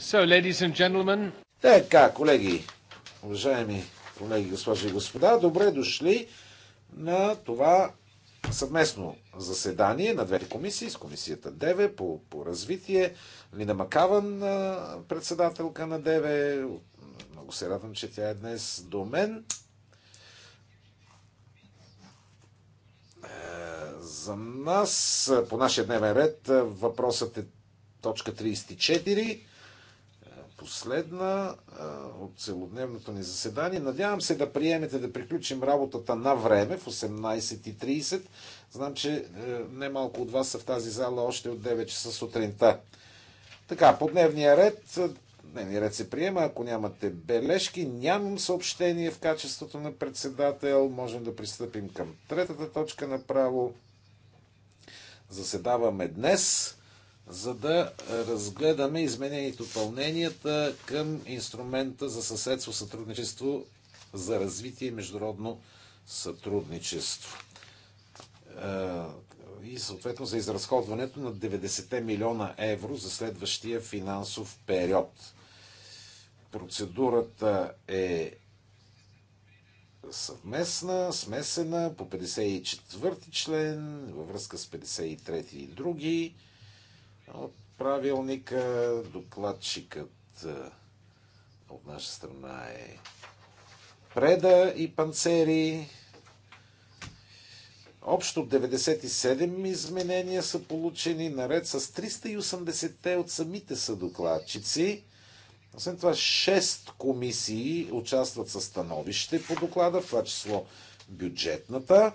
So, ladies and gentlemen. Така, колеги, уважаеми колеги, госпожи и господа, добре дошли на това съвместно заседание на двете комисии, с комисията ДЕВЕ по, по развитие. Лина Макаван, председателка на ДЕВЕ, много се радвам, че тя е днес до мен. За нас, по нашия дневен ред, е, въпросът е точка 34, е, последна е, от целодневното ни заседание. Надявам се да приемете да приключим работата на време в 18.30. Знам, че немалко от вас са в тази зала още от 9 часа сутринта. Така, по дневния ред, дневния ред се приема, ако нямате бележки, нямам съобщение в качеството на председател, можем да пристъпим към третата точка направо заседаваме днес, за да разгледаме изменени допълненията към инструмента за съседство, сътрудничество за развитие и международно сътрудничество. Е, и съответно за изразходването на 90 милиона евро за следващия финансов период. Процедурата е съвместна, смесена по 54 ти член, във връзка с 53 и други от правилника. Докладчикът от наша страна е Преда и Панцери. Общо 97 изменения са получени, наред с 380-те от самите съдокладчици освен това, 6 комисии участват със становище по доклада, в това число бюджетната,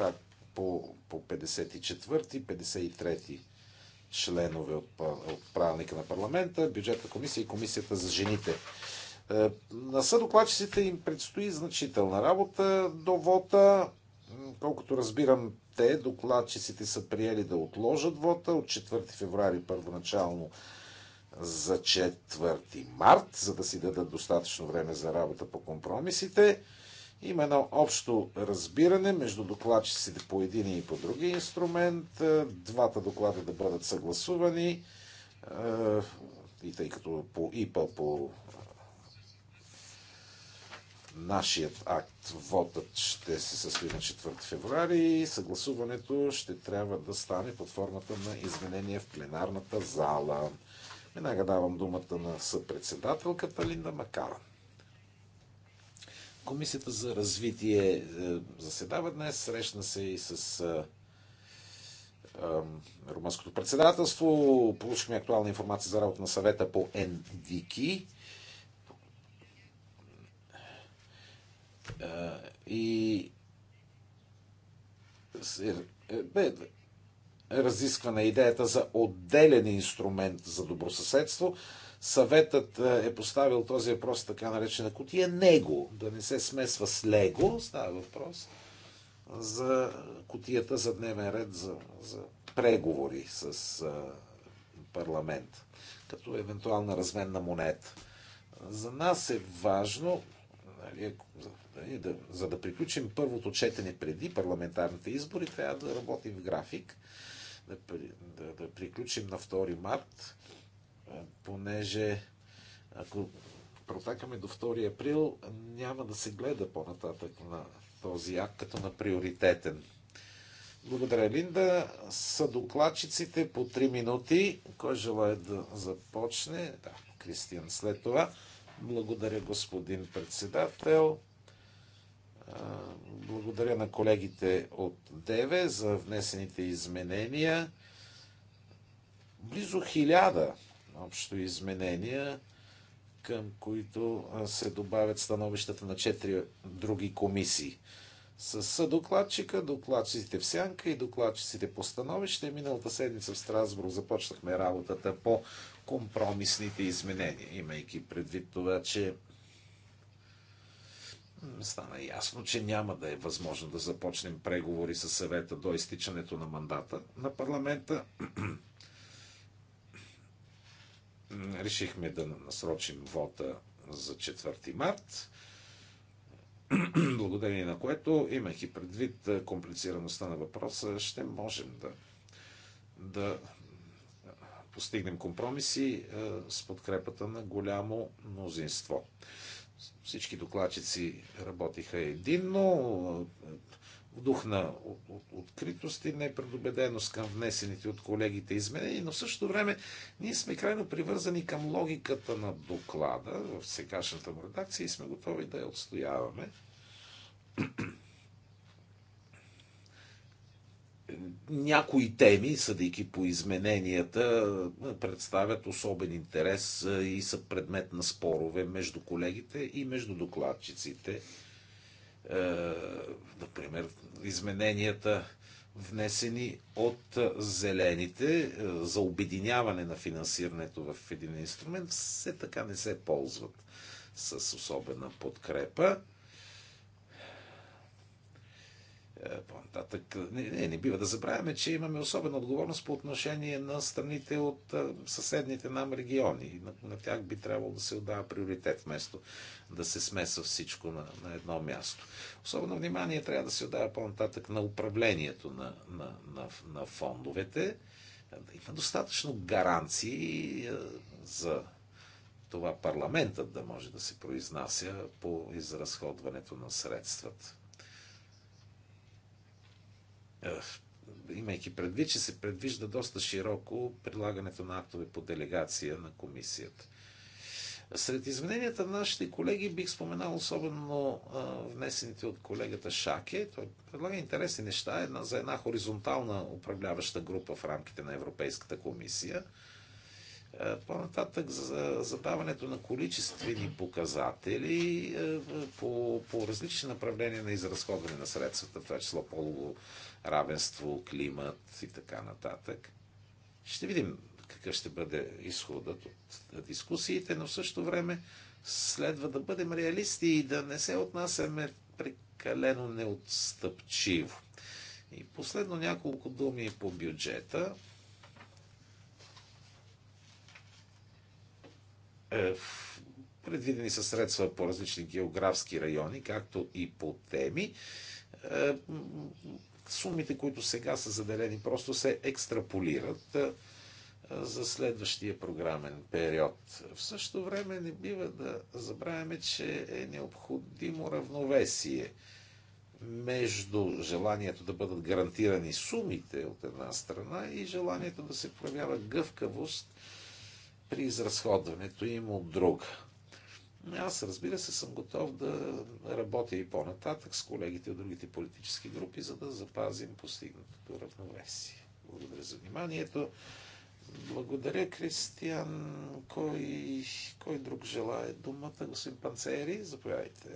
е по, по 54-ти, 53-ти членове от, от правилника на парламента, бюджетна комисия и комисията за жените. Е, на съдокладчиците им предстои значителна работа до вота. Колкото разбирам, те, докладчиците са приели да отложат вота от 4 феврари първоначално за 4 март, за да си дадат достатъчно време за работа по компромисите. Има едно общо разбиране между докладчиците по един и по други инструмент. Е, двата доклада да бъдат съгласувани. Е, и тъй като по ИПА, по е, нашият акт, вотът ще се състои на 4 февруари и съгласуването ще трябва да стане под формата на изменение в пленарната зала. Веднага давам думата на съпредседателката Линда Макаран. Комисията за развитие е, заседава днес, срещна се и с е, е, румънското председателство. Получихме актуална информация за работа на съвета по НВК. И бе, Разискване идеята за отделен инструмент за добросъседство. Съветът е, е поставил този въпрос така наречена кутия него, да не се смесва с лего, става въпрос за кутията за дневен ред за, за преговори с а, е, парламент, като евентуална разменна монета. За нас е важно, нали, нали, да, за да приключим първото четене преди парламентарните избори, трябва да работим в график да, да, да приключим на 2 март, е, понеже ако протакаме до 2 април, няма да се гледа по-нататък на този акт като на приоритетен. Благодаря, Линда. Са докладчиците по 3 минути. Кой желая да започне? Да, Кристиан след това. Благодаря, господин председател. Благодаря на колегите от ДЕВЕ за внесените изменения. Близо хиляда общо изменения, към които се добавят становищата на четири други комисии. С докладчика, докладчиците в сянка и докладчиците по становище. Миналата седмица в Страсбург започнахме работата по компромисните изменения, имайки предвид това, че стана ясно, че няма да е възможно да започнем преговори с съвета до изтичането на мандата на парламента. Решихме да насрочим вота за 4 март, благодарение на което, имайки предвид комплицираността на въпроса, ще можем да, да постигнем компромиси с подкрепата на голямо мнозинство. Всички докладчици работиха единно, в дух на откритост и непредобеденост към внесените от колегите изменения, но в същото време ние сме крайно привързани към логиката на доклада в сегашната му редакция и сме готови да я отстояваме. някои теми, съдейки по измененията, представят особен интерес и са предмет на спорове между колегите и между докладчиците. Например, измененията внесени от зелените за обединяване на финансирането в един инструмент, все така не се ползват с особена подкрепа. Е, по-нататък не, не, не бива да забравяме, че имаме особена отговорност по отношение на страните от е, съседните нам региони. На, на тях би трябвало да се отдава приоритет, вместо да се смеса всичко на, на едно място. Особено внимание трябва да се отдава по-нататък на управлението на, на, на, на фондовете. Е, да има достатъчно гаранции за това парламентът да може да се произнася по изразходването на средствата. Е, имайки предвид, че се предвижда доста широко прилагането на актове по делегация на комисията. Сред измененията на нашите колеги бих споменал особено а, внесените от колегата Шаке. Той предлага интересни неща една, за една хоризонтална управляваща група в рамките на Европейската комисия. Е, по-нататък за задаването на количествени показатели е, по, по различни направления на изразходване на средствата, това число полово равенство, климат и така нататък. Ще видим какъв ще бъде изходът от дискусиите, но в същото време следва да бъдем реалисти и да не се отнасяме прекалено неотстъпчиво. И последно няколко думи по бюджета. Е, предвидени са средства по различни географски райони, както и по теми. Е, сумите, които сега са заделени, просто се екстраполират за следващия програмен период. В същото време не бива да забравяме, че е необходимо равновесие между желанието да бъдат гарантирани сумите от една страна и желанието да се проявява гъвкавост при изразходването им от друга. Аз, разбира се, съм готов да работя и по-нататък с колегите от другите политически групи, за да запазим постигнатото равновесие. Благодаря за вниманието. Благодаря, Кристиан. Кой, кой друг желая думата? Господин Панцери, заповядайте.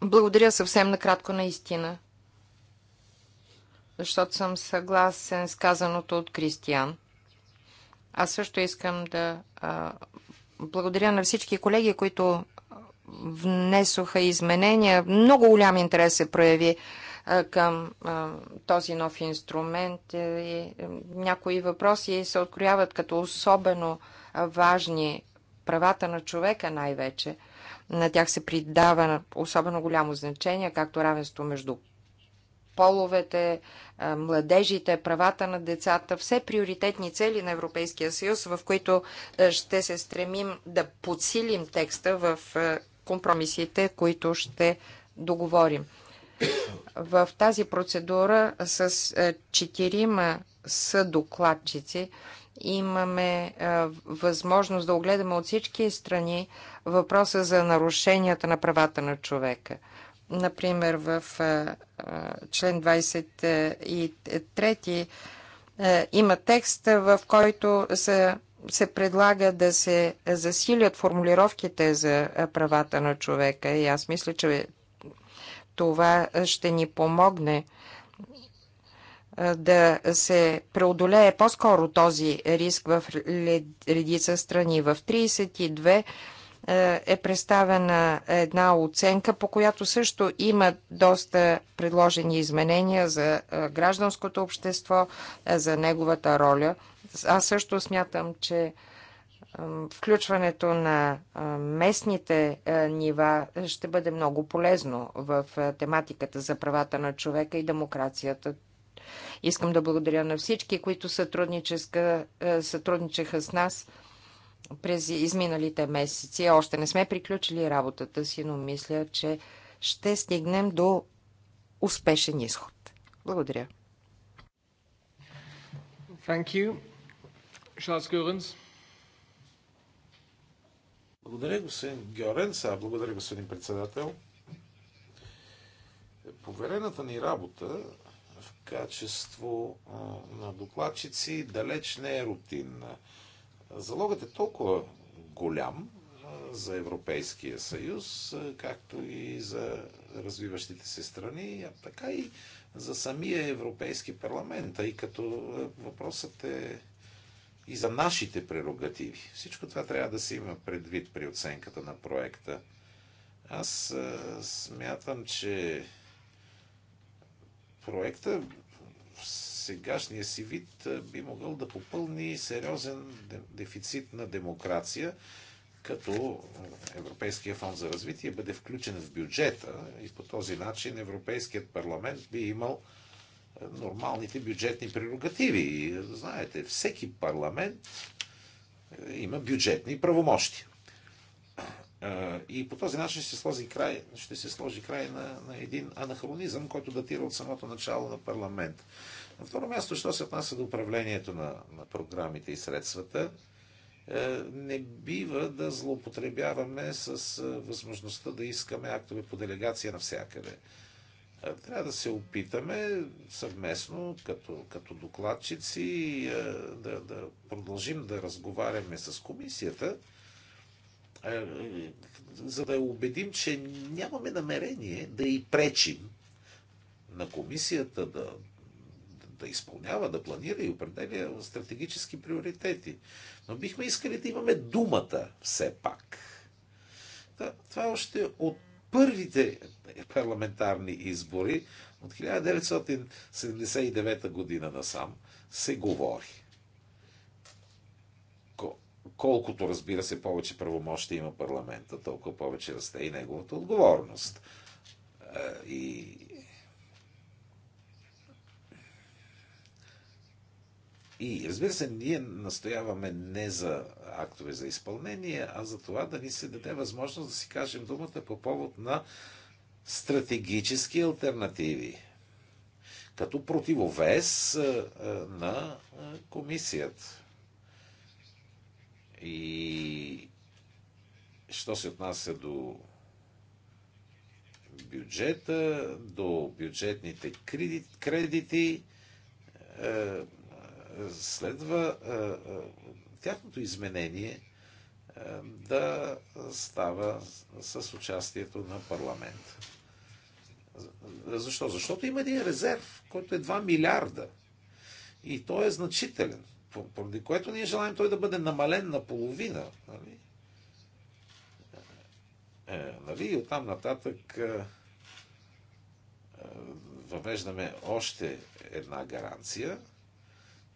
Благодаря съвсем накратко, наистина. Защото съм съгласен с казаното от Кристиан. Аз също искам да а, благодаря на всички колеги, които внесоха изменения. Много голям интерес се прояви а, към а, този нов инструмент. И, някои въпроси се открояват като особено важни. Правата на човека най-вече. На тях се придава особено голямо значение, както равенство между половете, младежите, правата на децата, все приоритетни цели на Европейския съюз, в които ще се стремим да подсилим текста в компромисите, които ще договорим. В тази процедура с четирима съдокладчици имаме възможност да огледаме от всички страни въпроса за нарушенията на правата на човека – Например, в член 23 има текст, в който се, се предлага да се засилят формулировките за правата на човека. И аз мисля, че това ще ни помогне да се преодолее по-скоро този риск в редица страни. В 32 е, е представена една оценка, по която също има доста предложени изменения за е, гражданското общество, е, за неговата роля. Аз също смятам, че включването на местните нива ще бъде много полезно в тематиката за правата на човека и демокрацията. Искам да благодаря на всички, които сътрудничаха с нас през изминалите месеци. Още не сме приключили работата си, но мисля, че ще стигнем до успешен изход. Благодаря. Thank you. Charles Благодаря, господин Георенс. Благодаря, господин председател. Поверената ни работа в качество на докладчици далеч не е рутинна. Залогът е толкова голям за Европейския съюз, както и за развиващите се страни, а така и за самия Европейски парламент, и като въпросът е и за нашите прерогативи. Всичко това трябва да се има предвид при оценката на проекта. Аз смятам, че проекта сегашния си вид би могъл да попълни сериозен дефицит на демокрация, като Европейския фонд за развитие бъде включен в бюджета и по този начин Европейският парламент би имал нормалните бюджетни прерогативи. Знаете, всеки парламент има бюджетни правомощи. И по този начин ще, сложи край, ще се сложи край на, на един анахронизъм, който датира от самото начало на парламент. На второ място, що се отнася до управлението на, на програмите и средствата, е, не бива да злоупотребяваме с е, възможността да искаме актове по делегация навсякъде. Е, трябва да се опитаме съвместно, като, като докладчици, да, да продължим да разговаряме с комисията, за да убедим, че нямаме намерение да и пречим на комисията да да изпълнява, да планира и определя стратегически приоритети. Но бихме искали да имаме думата все пак. Да, това е още от първите парламентарни избори от 1979 година насам се говори. Колкото, разбира се, повече правомощи има парламента, толкова повече расте и неговата отговорност. Е, и И разбира се, ние настояваме не за актове за изпълнение, а за това да ни се даде възможност да си кажем думата по повод на стратегически альтернативи като противовес на комисията. И що се отнася до бюджета, до бюджетните кредити, следва е, е, тяхното изменение е, да става с участието на парламент. Защо? Защото има един резерв, който е 2 милиарда. И той е значителен, поради което ние желаем той да бъде намален на половина. Нали? Е, нали? И оттам нататък е, въвеждаме още една гаранция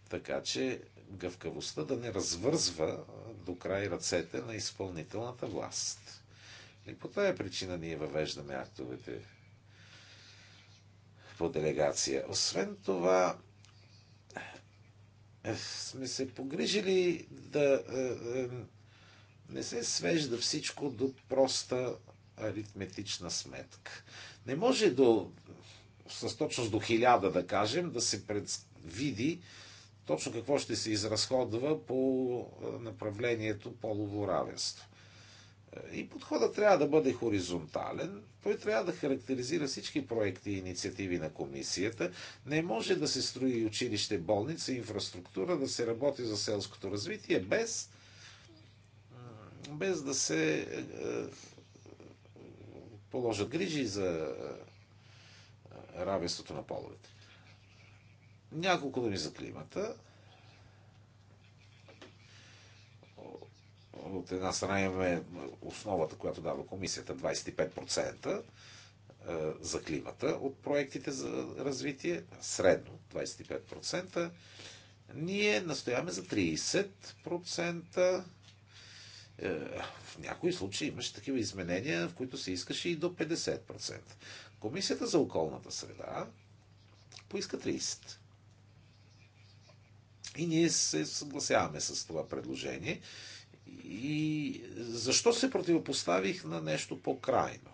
така че гъвкавостта да не развързва до край ръцете на изпълнителната власт. И по тая причина ние въвеждаме актовете по делегация. Освен това, сме се погрижили да е, е, не се свежда всичко до проста аритметична сметка. Не може до, с точност до хиляда, да кажем, да се предвиди точно какво ще се изразходва по е, направлението полово равенство. Е, и подходът трябва да бъде хоризонтален. Той трябва да характеризира всички проекти и инициативи на комисията. Не може да се строи училище, болница, инфраструктура, да се работи за селското развитие без, без да се е, положат грижи за равенството на половете. Няколко думи за климата. От една страна имаме основата, която дава комисията 25% е, за климата от проектите за развитие, средно 25%. Ние настояваме за 30%. Е, в някои случаи имаше такива изменения, в които се искаше и до 50%. Комисията за околната среда поиска 30%. И ние се съгласяваме с това предложение. И защо се противопоставих на нещо по-крайно?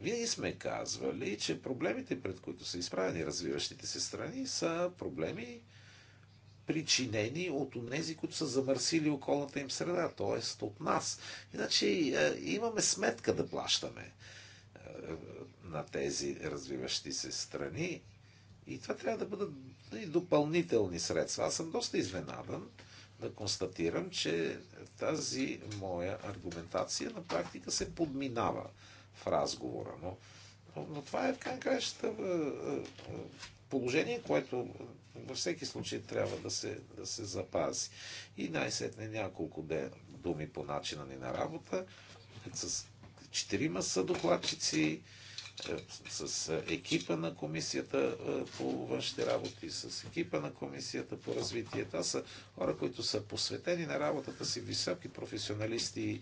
Винаги сме казвали, че проблемите, пред които са изправени развиващите се страни, са проблеми, причинени от онези, които са замърсили околната им среда, т.е. от нас. Иначе е, имаме сметка да плащаме е, на тези развиващи се страни и това трябва да бъдат и допълнителни средства. Аз съм доста изненадан да констатирам, че тази моя аргументация на практика се подминава в разговора. Но, но, но това е в край е, е, положение, което във всеки случай трябва да се, да се запази. И най-сетне няколко де, думи по начина ни на работа. С четирима са докладчици, е, с е, екипа на комисията е, по външните работи, с екипа на комисията по развитие. Това са хора, които са посветени на работата си, високи професионалисти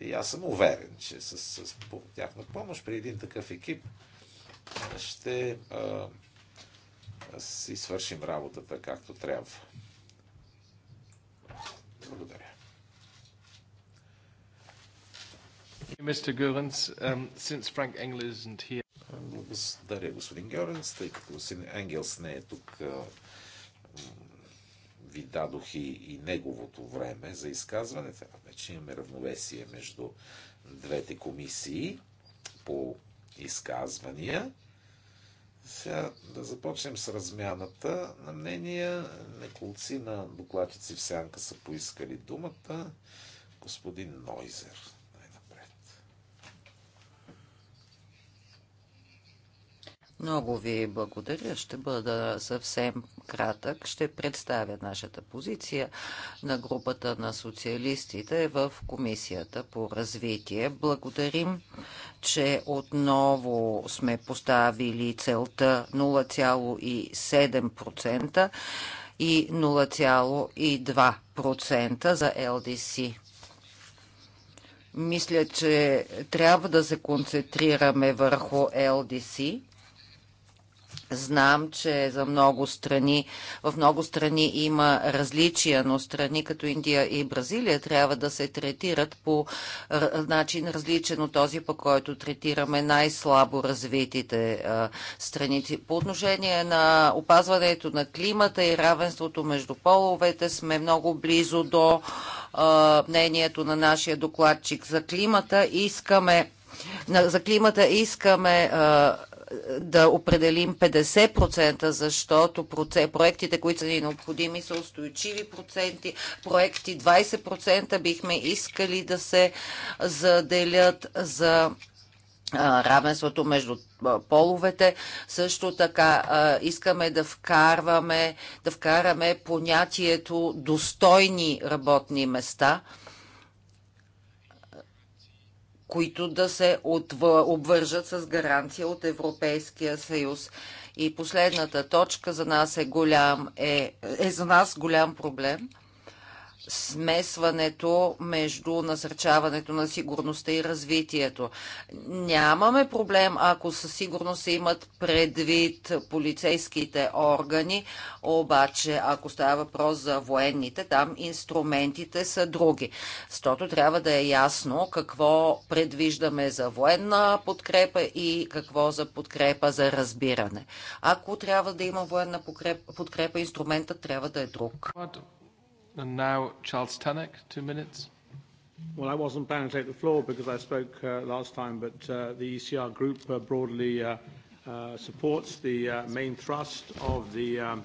и аз съм уверен, че с, с по тяхна помощ при един такъв екип ще а, си свършим работата както трябва. Благодаря. Um, Благодаря, господин Георенс, тъй като господин Енгелс не е тук. Ви дадох и, и неговото време за изказване. Така вече имаме равновесие между двете комисии по изказвания. Сега да започнем с размяната на мнения. Неколци на докладчици в сянка са поискали думата. Господин Нойзер. Много ви благодаря. Ще бъда съвсем кратък. Ще представя нашата позиция на групата на социалистите в Комисията по развитие. Благодарим, че отново сме поставили целта 0,7% и 0,2% за ЛДС. мисля, че трябва да се концентрираме върху ЛДС. Знам, че за много страни, в много страни има различия, но страни като Индия и Бразилия трябва да се третират по начин различен от този, по който третираме най-слабо развитите страни. По отношение на опазването на климата и равенството между половете сме много близо до мнението на нашия докладчик за климата. Искаме за климата искаме а, да определим 50%, защото проектите, които са ни необходими, са устойчиви проценти, проекти 20% бихме искали да се заделят за равенството между половете. Също така искаме да вкарваме, да вкараме понятието достойни работни места – които да се обвържат с гаранция от Европейския съюз. И последната точка за нас е голям, е, е за нас голям проблем – смесването между насърчаването на сигурността и развитието. Нямаме проблем, ако със сигурност се имат предвид полицейските органи, обаче ако става въпрос за военните, там инструментите са други. Стото трябва да е ясно какво предвиждаме за военна подкрепа и какво за подкрепа за разбиране. Ако трябва да има военна подкрепа, инструментът трябва да е друг. And now, Charles Tannock, two minutes. Well, I wasn't planning to take the floor because I spoke uh, last time, but uh, the ECR group uh, broadly uh, uh, supports the uh, main thrust of the um,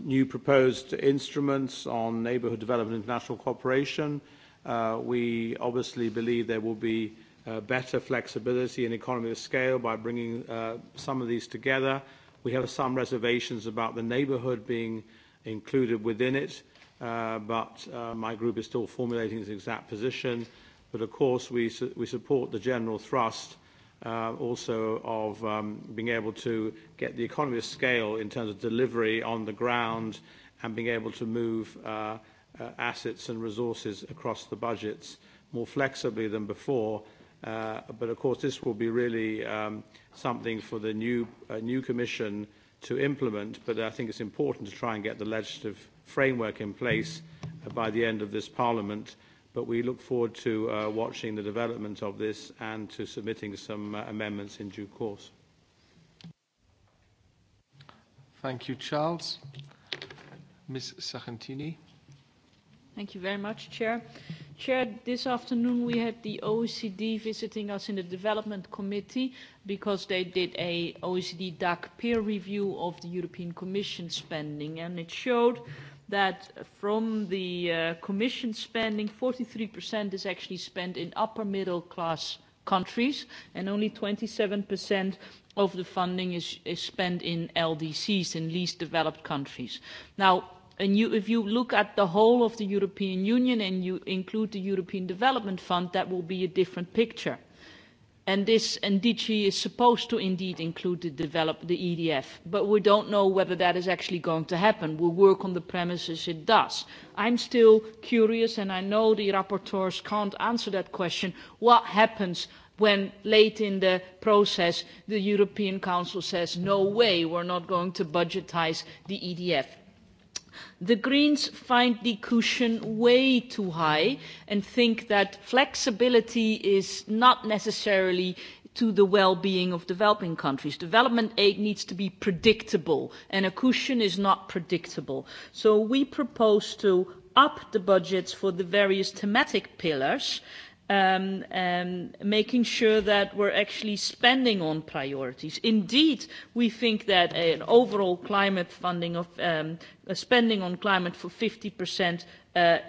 new proposed instruments on neighbourhood development and international cooperation. Uh, we obviously believe there will be uh, better flexibility and economy of scale by bringing uh, some of these together. We have some reservations about the neighbourhood being included within it uh, but uh, my group is still formulating its exact position. But of course, we, su- we support the general thrust uh, also of um, being able to get the economy of scale in terms of delivery on the ground and being able to move uh, uh, assets and resources across the budgets more flexibly than before. Uh, but of course, this will be really um, something for the new, uh, new Commission to implement. But I think it's important to try and get the legislative framework in place by the end of this Parliament. But we look forward to uh, watching the development of this and to submitting some uh, amendments in due course. Thank you, Charles. Ms. Sargentini. Thank you very much, Chair. Chair, this afternoon we had the OECD visiting us in the Development Committee because they did a OECD DAC peer review of the European Commission spending, and it showed that from the uh, Commission spending, 43% is actually spent in upper middle class countries, and only 27% of the funding is, is spent in LDCs, in least developed countries. Now, and you, if you look at the whole of the European Union and you include the European Development Fund, that will be a different picture and this NDC is supposed to indeed include the develop the EDF, but we don't know whether that is actually going to happen. We work on the premises it does. I'm still curious, and I know the rapporteurs can't answer that question. What happens when late in the process the European Council says, no way, we're not going to budgetise the EDF? The Greens find the cushion way too high and think that flexibility is not necessarily to the well-being of developing countries. Development aid needs to be predictable, and a cushion is not predictable. So we propose to up the budgets for the various thematic pillars um, um, making sure that we're actually spending on priorities. Indeed, we think that an overall climate funding of um, spending on climate for 50% uh, uh,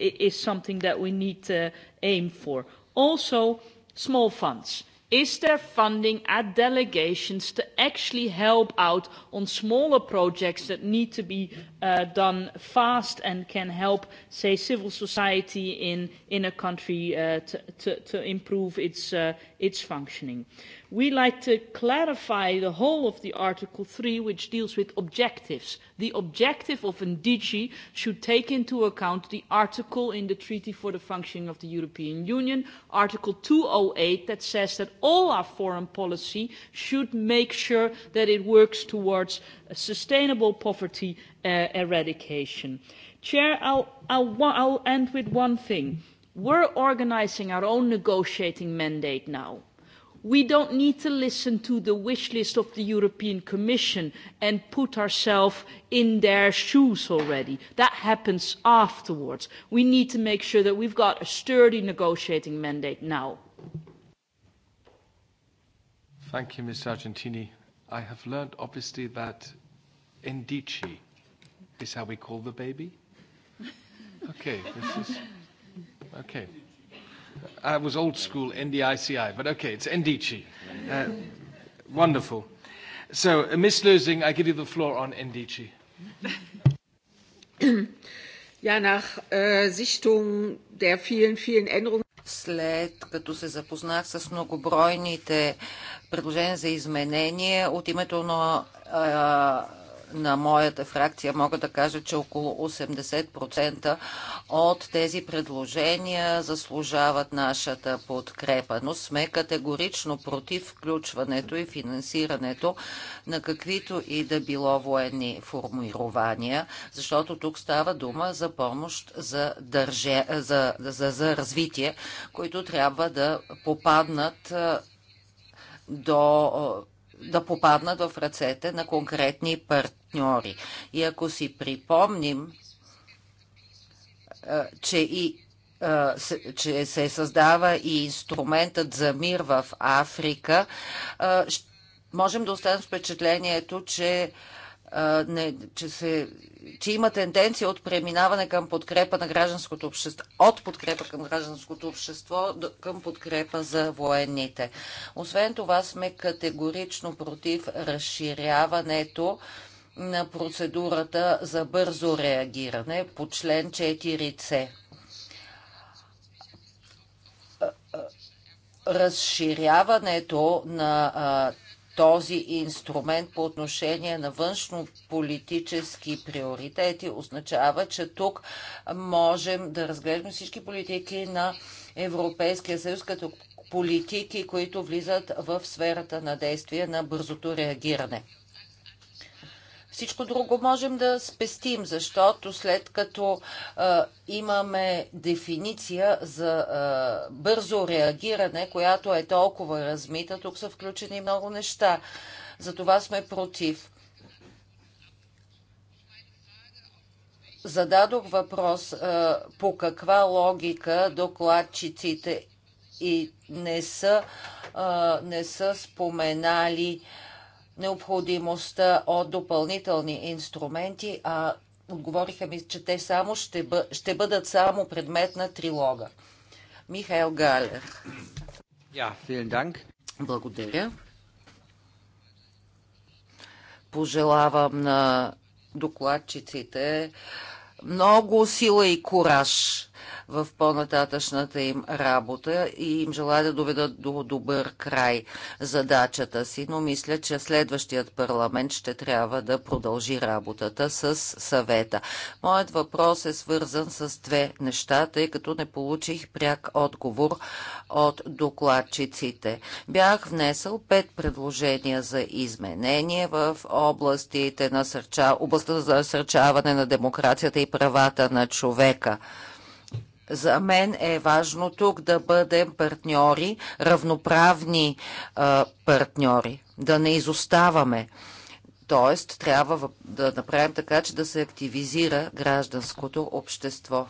is something that we need to aim for. Also, small funds Is there funding at delegations to actually help out on smaller projects that need to be uh, done fast and can help, say, civil society in, in a country uh, to, to, to improve its, uh, its functioning? we like to clarify the whole of the Article 3, which deals with objectives. The objective of an DG should take into account the article in the Treaty for the Functioning of the European Union, Article 208, that says that all our foreign policy should make sure that it works towards sustainable poverty uh, eradication. Chair, I'll, I'll, I'll end with one thing. We're organizing our own negotiating mandate now we don't need to listen to the wish list of the European Commission and put ourselves in their shoes already. That happens afterwards. We need to make sure that we've got a sturdy negotiating mandate now. Thank you, Ms. Argentini. I have learned, obviously, that Indici is how we call the baby. Okay, this is... Okay. I was old school NDICI, but okay, it's NDC. Uh, wonderful. So, uh, Miss Lösing, I give you the floor on NDC. Ja, nach äh, Sichtung der vielen, vielen Änderungen. След като се запознах с многобройните предложения за изменение от името на на моята фракция мога да кажа, че около 80% от тези предложения заслужават нашата подкрепа, но сме категорично против включването и финансирането на каквито и да било военни формирования, защото тук става дума за помощ за, държе, за, за, за развитие, които трябва да попаднат до да попаднат в ръцете на конкретни партньори. И ако си припомним, е, че и е, че се създава и инструментът за мир в Африка, е, можем да останем с впечатлението, че не, че, се, че има тенденция от преминаване към подкрепа на гражданското общество, от подкрепа към гражданското общество към подкрепа за военните. Освен това сме категорично против разширяването на процедурата за бързо реагиране по член 4c. Разширяването на този инструмент по отношение на външно-политически приоритети означава, че тук можем да разглеждаме всички политики на Европейския съюз като политики, които влизат в сферата на действие на бързото реагиране. Всичко друго можем да спестим, защото след като а, имаме дефиниция за а, бързо реагиране, която е толкова размита, тук са включени много неща. Затова сме против. Зададох въпрос а, по каква логика докладчиците и не са, а, не са споменали а, необходимостта от допълнителни инструменти, а отговориха ми, че те само ще, бъ... ще бъдат само предмет на трилога. Михаил Галер. Ja, Dank. Благодаря. Пожелавам на докладчиците много сила и кураж в по-нататъчната им работа и им желая да доведат до добър край задачата си, но мисля, че следващият парламент ще трябва да продължи работата с съвета. Моят въпрос е свързан с две неща, тъй като не получих пряк отговор от докладчиците. Бях внесъл пет предложения за изменение в областите на сърча, областта за насърчаване на демокрацията и правата на човека. За мен е важно тук да бъдем партньори, равноправни а, партньори, да не изоставаме. Тоест, трябва да направим така, че да се активизира гражданското общество,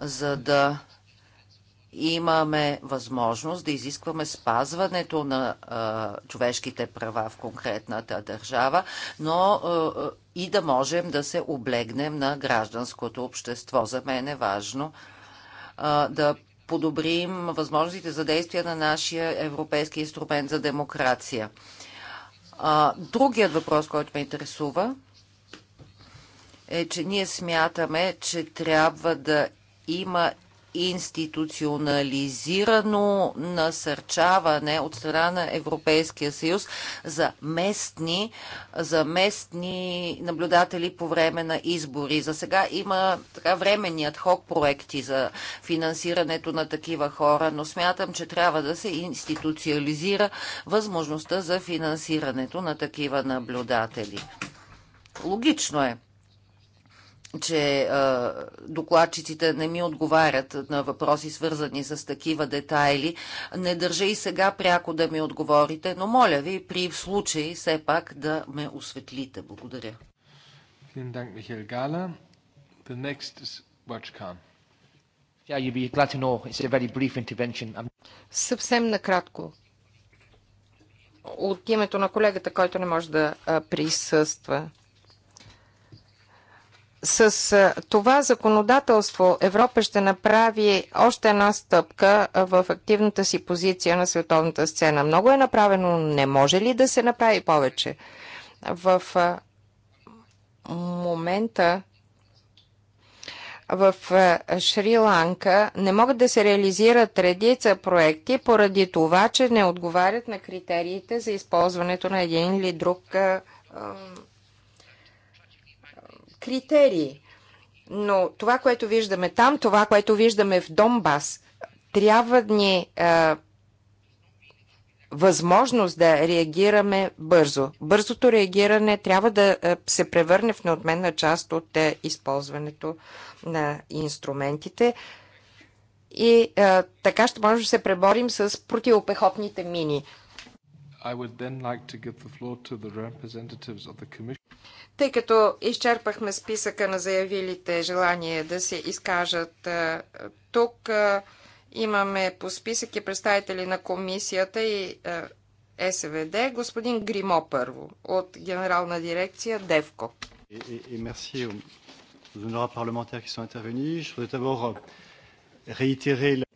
за да имаме възможност да изискваме спазването на а, човешките права в конкретната държава, но а, и да можем да се облегнем на гражданското общество. За мен е важно а, да подобрим възможностите за действие на нашия Европейски инструмент за демокрация. А, другият въпрос, който ме интересува, е, че ние смятаме, че трябва да има институционализирано насърчаване от страна на Европейския съюз за местни, за местни наблюдатели по време на избори. За сега има така временни адхок проекти за финансирането на такива хора, но смятам, че трябва да се институциализира възможността за финансирането на такива наблюдатели. Логично е че а, докладчиците не ми отговарят на въпроси, свързани с такива детайли. Не държа и сега пряко да ми отговорите, но моля ви при случай все пак да ме осветлите. Благодаря. Съвсем накратко. От името на колегата, който не може да присъства, с това законодателство Европа ще направи още една стъпка в активната си позиция на световната сцена. Много е направено, но не може ли да се направи повече? В момента в Шри-Ланка не могат да се реализират редица проекти поради това, че не отговарят на критериите за използването на един или друг критерии. Но това, което виждаме там, това, което виждаме в Донбас, трябва ни е, възможност да реагираме бързо. Бързото реагиране трябва да е, се превърне в неотменна част от е, използването на инструментите. И е, така ще можем да се преборим с противопехотните мини. I would then like to give the floor to the representatives of the commission. Тъй като изчерпахме списъка на заявилите желание да се изкажат тук, имаме по списък и представители на комисията и СВД. Господин Гримо първо от Генерална дирекция ДЕВКО.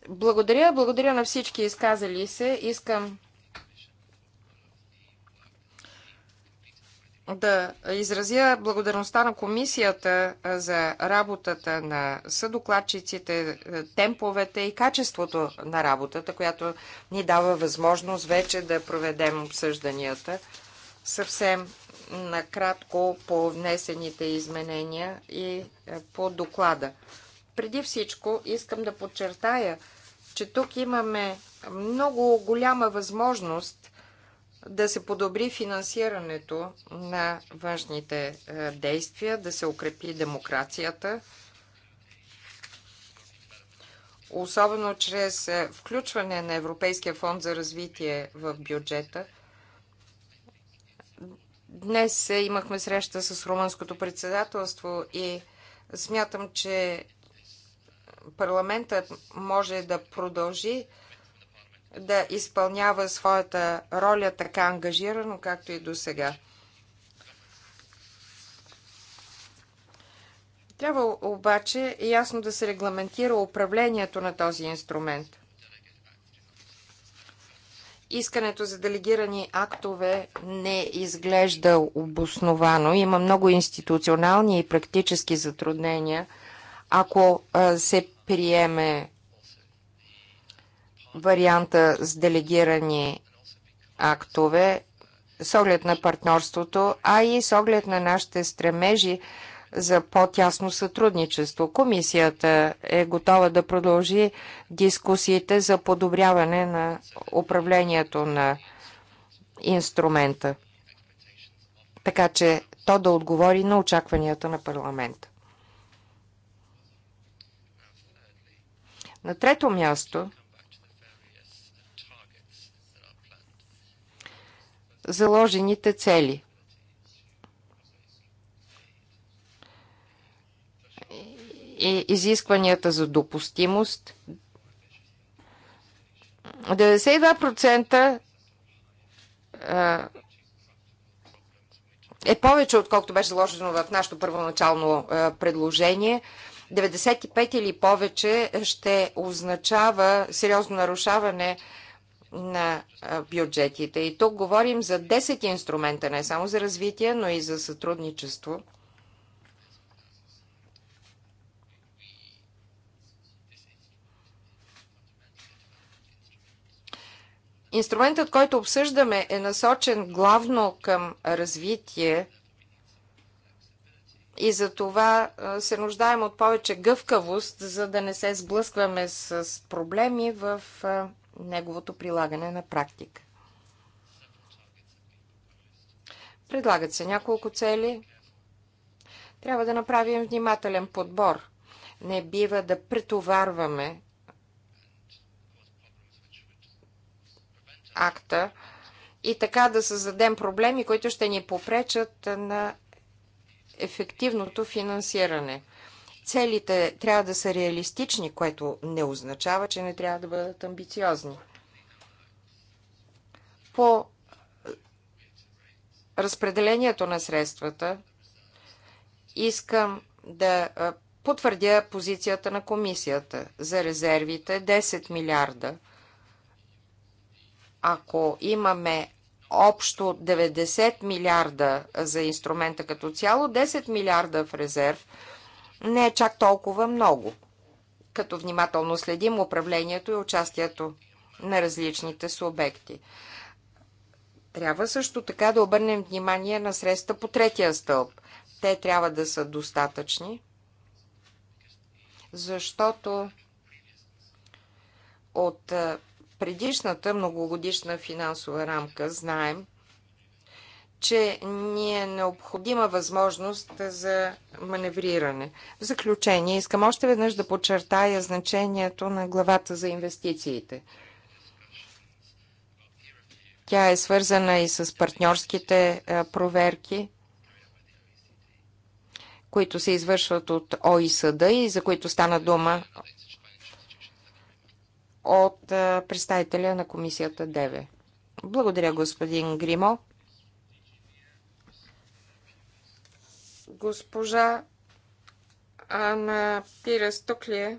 Благодаря, благодаря на всички изказали се. Искам да изразя благодарността на комисията за работата на съдокладчиците, темповете и качеството на работата, която ни дава възможност вече да проведем обсъжданията. Съвсем накратко по внесените изменения и по доклада. Преди всичко искам да подчертая, че тук имаме много голяма възможност да се подобри финансирането на важните е, действия, да се укрепи демокрацията, особено чрез е, включване на Европейския фонд за развитие в бюджета. Днес е, имахме среща с румънското председателство и смятам, че парламентът може да продължи да изпълнява своята роля така ангажирано, както и до сега. Трябва обаче ясно да се регламентира управлението на този инструмент. Искането за делегирани актове не изглежда обосновано. Има много институционални и практически затруднения, ако се приеме варианта с делегирани актове с оглед на партньорството, а и с оглед на нашите стремежи за по-тясно сътрудничество. Комисията е готова да продължи дискусиите за подобряване на управлението на инструмента, така че то да отговори на очакванията на парламента. На трето място – заложените цели. И изискванията за допустимост. 92% е повече, отколкото беше заложено в нашето първоначално предложение. 95 или повече ще означава сериозно нарушаване на бюджетите. И тук говорим за 10 инструмента, не само за развитие, но и за сътрудничество. Инструментът, който обсъждаме, е насочен главно към развитие и за това се нуждаем от повече гъвкавост, за да не се сблъскваме с проблеми в неговото прилагане на практика. Предлагат се няколко цели. Трябва да направим внимателен подбор. Не бива да претоварваме акта и така да създадем проблеми, които ще ни попречат на ефективното финансиране. Целите трябва да са реалистични, което не означава, че не трябва да бъдат амбициозни. По разпределението на средствата искам да потвърдя позицията на комисията за резервите 10 милиарда. Ако имаме общо 90 милиарда за инструмента като цяло, 10 милиарда в резерв – не е чак толкова много, като внимателно следим управлението и участието на различните субекти. Трябва също така да обърнем внимание на средства по третия стълб. Те трябва да са достатъчни, защото от предишната многогодишна финансова рамка знаем, че ни е необходима възможност за маневриране. В заключение, искам още веднъж да подчертая значението на главата за инвестициите. Тя е свързана и с партньорските е, проверки, които се извършват от ОИСД и за които стана дума от е, представителя на комисията ДЕВЕ. Благодаря, господин Гримо. Госпожа Ана Пира тук е?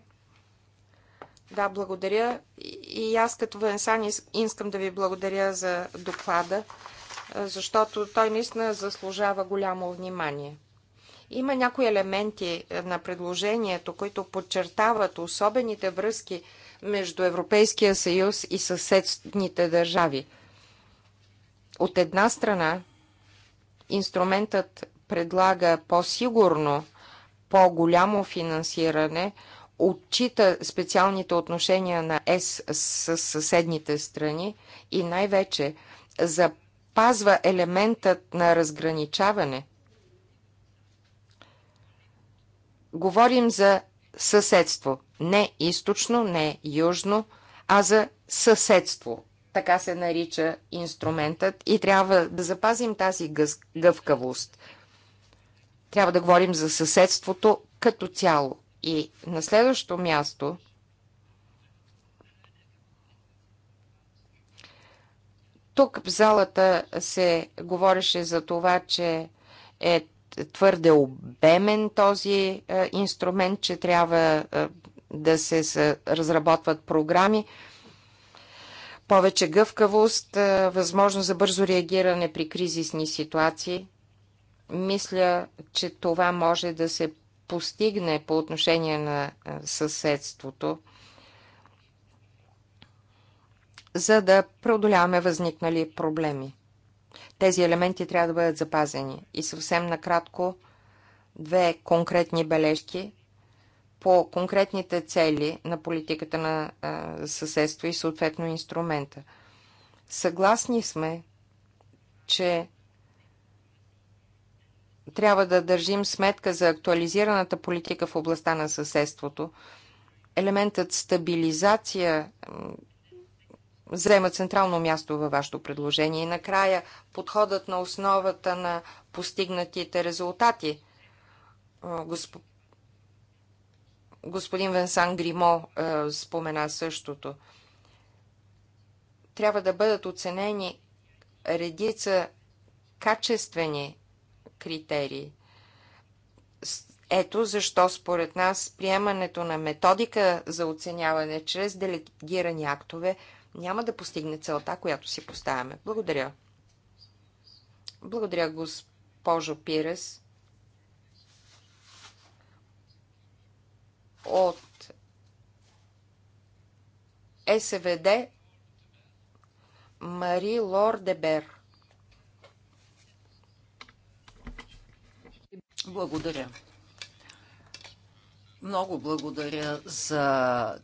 Да, благодаря. И аз като Венсан искам да ви благодаря за доклада, защото той наистина заслужава голямо внимание. Има някои елементи е, на предложението, които подчертават особените връзки между Европейския съюз и съседните държави. От една страна, инструментът предлага по-сигурно, по-голямо финансиране, отчита специалните отношения на ЕС с съседните страни и най-вече запазва елементът на разграничаване. Говорим за съседство. Не източно, не южно, а за съседство. Така се нарича инструментът и трябва да запазим тази гъвкавост – трябва да говорим за съседството като цяло. И на следващото място тук в залата се говореше за това, че е твърде обемен този е, инструмент, че трябва е, да се разработват програми повече гъвкавост, е, възможност за бързо реагиране при кризисни ситуации. Мисля, че това може да се постигне по отношение на съседството, за да преодоляваме възникнали проблеми. Тези елементи трябва да бъдат запазени. И съвсем накратко две конкретни бележки по конкретните цели на политиката на съседство и съответно инструмента. Съгласни сме, че трябва да държим сметка за актуализираната политика в областта на съседството. Елементът стабилизация взема централно място във вашето предложение. И накрая подходът на основата на постигнатите резултати. Госп... Господин Венсан Гримо е, спомена същото. Трябва да бъдат оценени редица качествени критерии. Ето защо според нас приемането на методика за оценяване чрез делегирани актове няма да постигне целта, която си поставяме. Благодаря. Благодаря, госпожо Пирес. От СВД Мари Лордебер. Благодаря. Много благодаря за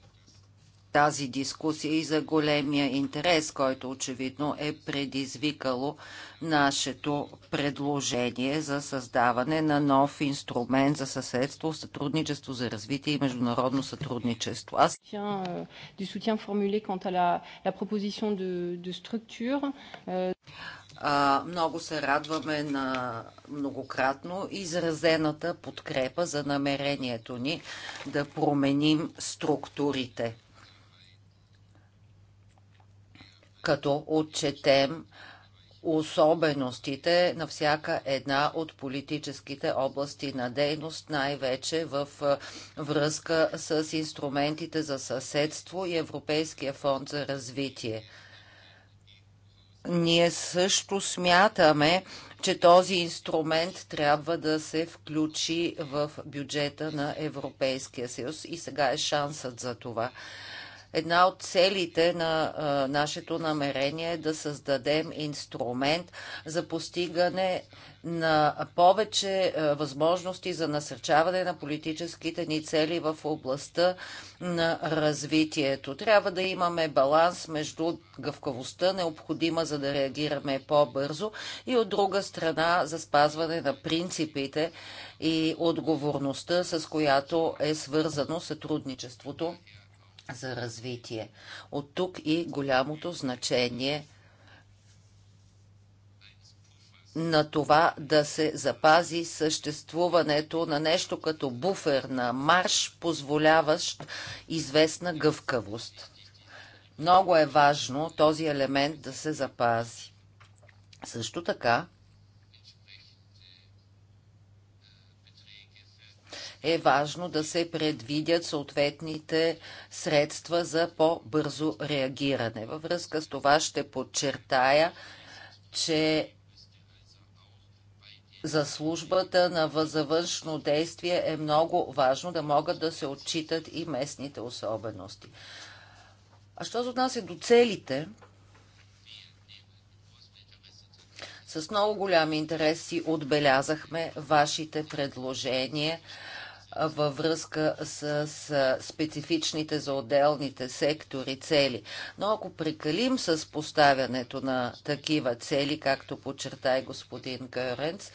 тази дискусия и за големия интерес, който очевидно е предизвикало нашето предложение за създаване на нов инструмент за съседство, сътрудничество за развитие и международно сътрудничество. Аз... Euh, много се радваме на многократно изразената подкрепа за намерението ни да променим структурите. Като отчетем особеностите на всяка една от политическите области на дейност, най-вече в връзка с инструментите за съседство и Европейския фонд за развитие. Ние също смятаме, че този инструмент трябва да се включи в бюджета на Европейския съюз и сега е шансът за това. Една от целите на а, нашето намерение е да създадем инструмент за постигане на повече а, възможности за насърчаване на политическите ни цели в областта на развитието. Трябва да имаме баланс между гъвкавостта, необходима за да реагираме по-бързо, и от друга страна за спазване на принципите и отговорността, с която е свързано сътрудничеството за развитие. От тук и голямото значение на това да се запази съществуването на нещо като буфер на марш, позволяващ известна гъвкавост. Много е важно този елемент да се запази. Също така, е важно да се предвидят съответните средства за по-бързо реагиране. Във връзка с това ще подчертая, че за службата на възвъншно действие е много важно да могат да се отчитат и местните особености. А що се отнася до целите, с много голям интерес си отбелязахме вашите предложения – във връзка с, специфичните за отделните сектори цели. Но ако прекалим с поставянето на такива цели, както подчерта и господин Гъренц,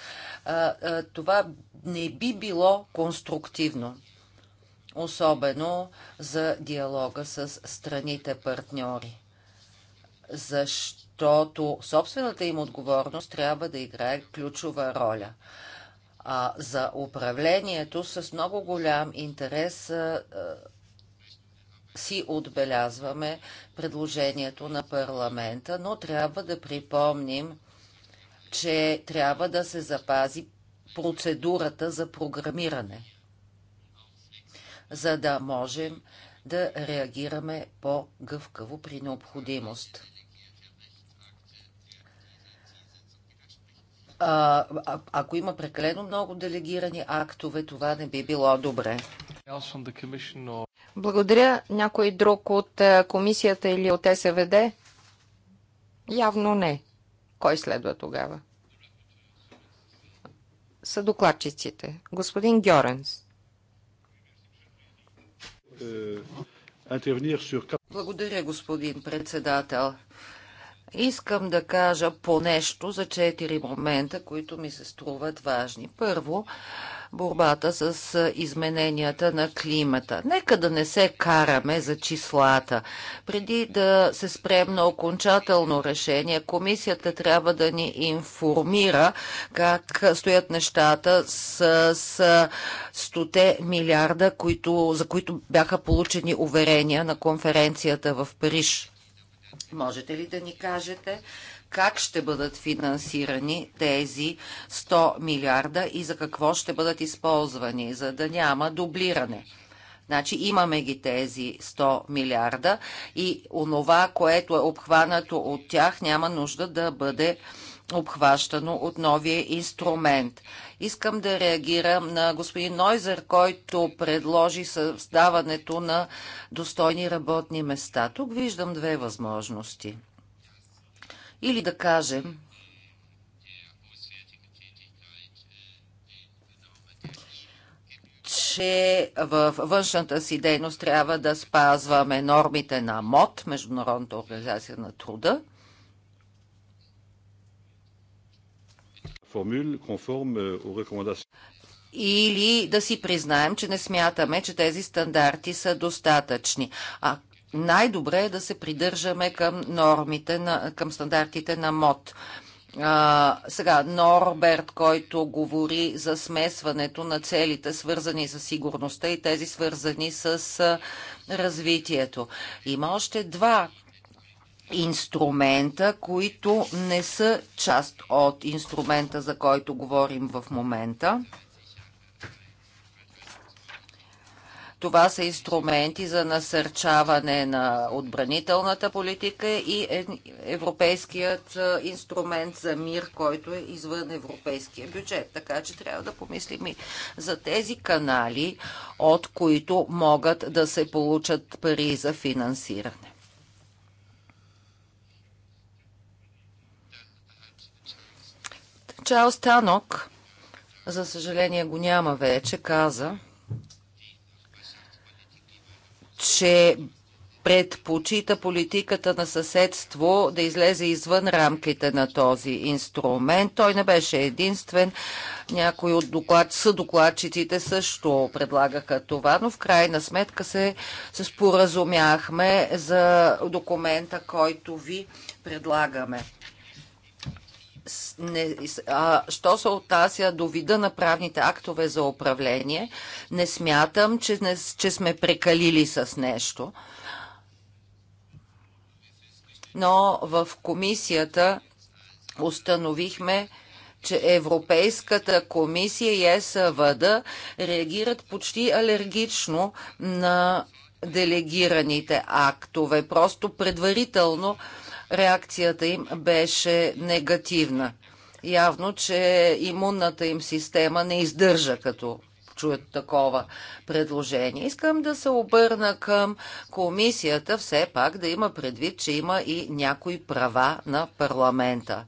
това не би било конструктивно особено за диалога с страните партньори. Защото собствената им отговорност трябва да играе ключова роля а, за управлението с много голям интерес а, си отбелязваме предложението на парламента, но трябва да припомним, че трябва да се запази процедурата за програмиране, за да можем да реагираме по-гъвкаво при необходимост. а, а, ако има прекалено много делегирани актове, това не би било добре. Благодаря. Някой друг от комисията или от СВД? Явно не. Кой следва тогава? Са докладчиците. Господин Гьоренс. Е, Благодаря, господин председател искам да кажа по нещо за четири момента, които ми се струват важни. Първо, борбата с измененията на климата. Нека да не се караме за числата. Преди да се спрем на окончателно решение, комисията трябва да ни информира как стоят нещата с, с 100 милиарда, които, за които бяха получени уверения на конференцията в Париж. Можете ли да ни кажете как ще бъдат финансирани тези 100 милиарда и за какво ще бъдат използвани, за да няма дублиране? Значи имаме ги тези 100 милиарда и онова, което е обхванато от тях, няма нужда да бъде обхващано от новия инструмент. Искам да реагирам на господин Нойзер, който предложи създаването на достойни работни места. Тук виждам две възможности. Или да кажем, че във външната си дейност трябва да спазваме нормите на МОД, Международната организация на труда, formule conforme о euh, рекомендации. или да си признаем, че не смятаме, че тези стандарти са достатъчни. А най-добре е да се придържаме към нормите, на, към стандартите на МОД. А, сега, Норберт, който говори за смесването на целите, свързани с сигурността и тези свързани с развитието. Има още два инструмента, които не са част от инструмента, за който говорим в момента. Това са инструменти за насърчаване на отбранителната политика и е, европейският е, инструмент за мир, който е извън европейския бюджет. Така че трябва да помислим и за тези канали, от които могат да се получат пари за финансиране. Чарлз Танок, за съжаление го няма вече, каза, че предпочита политиката на съседство да излезе извън рамките на този инструмент. Той не беше единствен. Някои от доклад, съдокладчиците също предлагаха това, но в крайна сметка се, се споразумяхме за документа, който ви предлагаме не, а, що се отнася до вида на правните актове за управление, не смятам, че, не, че сме прекалили с нещо. Но в комисията установихме, че Европейската комисия и ЕСВД реагират почти алергично на делегираните актове. Просто предварително реакцията им беше негативна. Явно, че имунната им система не издържа като чуят такова предложение. Искам да се обърна към комисията, все пак да има предвид, че има и някои права на парламента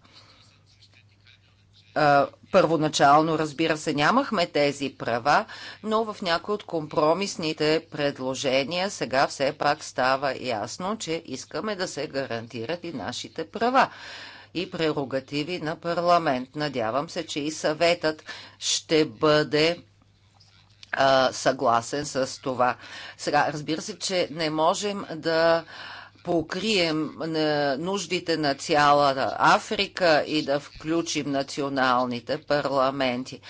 Първоначално, разбира се, нямахме тези права, но в някои от компромисните предложения сега все пак става ясно, че искаме да се гарантират и нашите права и прерогативи на парламент. Надявам се, че и съветът ще бъде а, съгласен с това. Сега, разбира се, че не можем да покрием на е, нуждите на цяла Африка и да включим националните парламенти.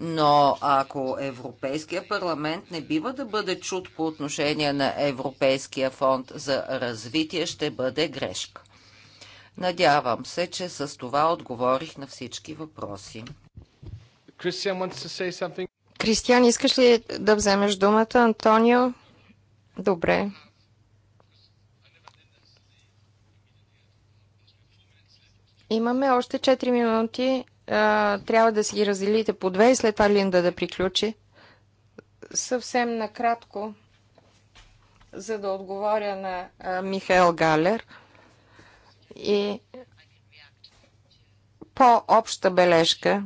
Но ако Европейския парламент не бива да бъде чут по отношение на Европейския фонд за развитие, ще бъде грешка. Надявам се, че с това отговорих на всички въпроси. Кристиан, искаш ли да вземеш думата, Антонио? Добре. Имаме още 4 минути. Трябва да си ги разделите по две и след това Линда да приключи. Съвсем накратко, за да отговоря на Михаил Галер и по-обща бележка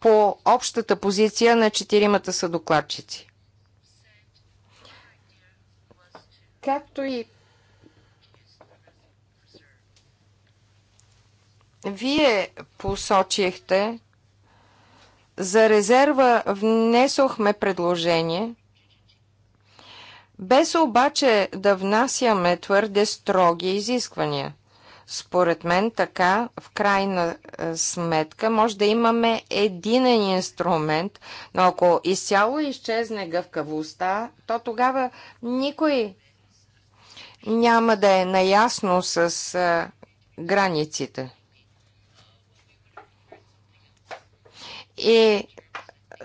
по общата позиция на четиримата са докладчици. Както и Вие посочихте, за резерва внесохме предложение, без обаче да внасяме твърде строги изисквания. Според мен така, в крайна е, сметка, може да имаме единен инструмент, но ако изцяло изчезне гъвкавостта, то тогава никой няма да е наясно с е, границите. и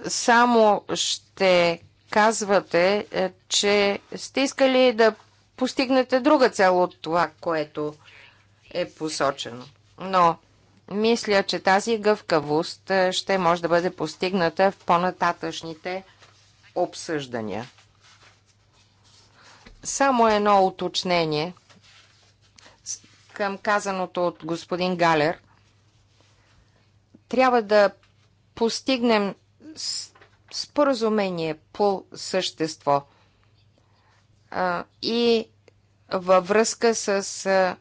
само ще казвате, е, че сте искали да постигнете друга цел от това, което е посочено. Но мисля, че тази гъвкавост е, ще може да бъде постигната в по-нататъчните обсъждания. Само едно уточнение към казаното от господин Галер. Трябва да постигнем споразумение по същество а, и във връзка с а,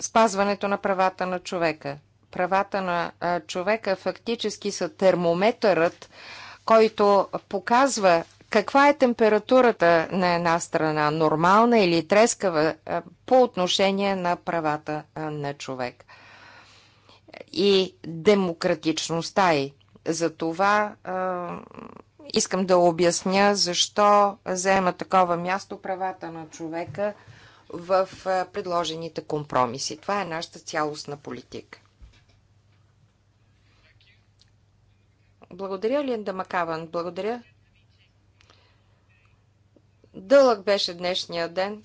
спазването на правата на човека. Правата на а, човека фактически са термометърът, който показва каква е температурата на една страна, нормална или трескава, по отношение на правата на човек и демократичността й. За това искам да обясня защо заема такова място правата на човека в предложените компромиси. Това е нашата цялостна политика. Благодаря, Линда Макаван. Благодаря. Дълъг беше днешния ден.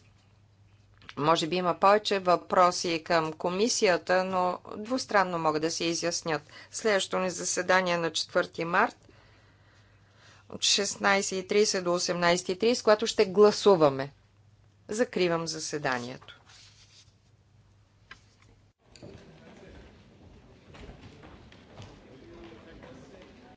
Може би има повече въпроси към комисията, но двустранно могат да се изяснят. Следващото ни заседание на 4 март от 16.30 до 18.30, когато ще гласуваме. Закривам заседанието.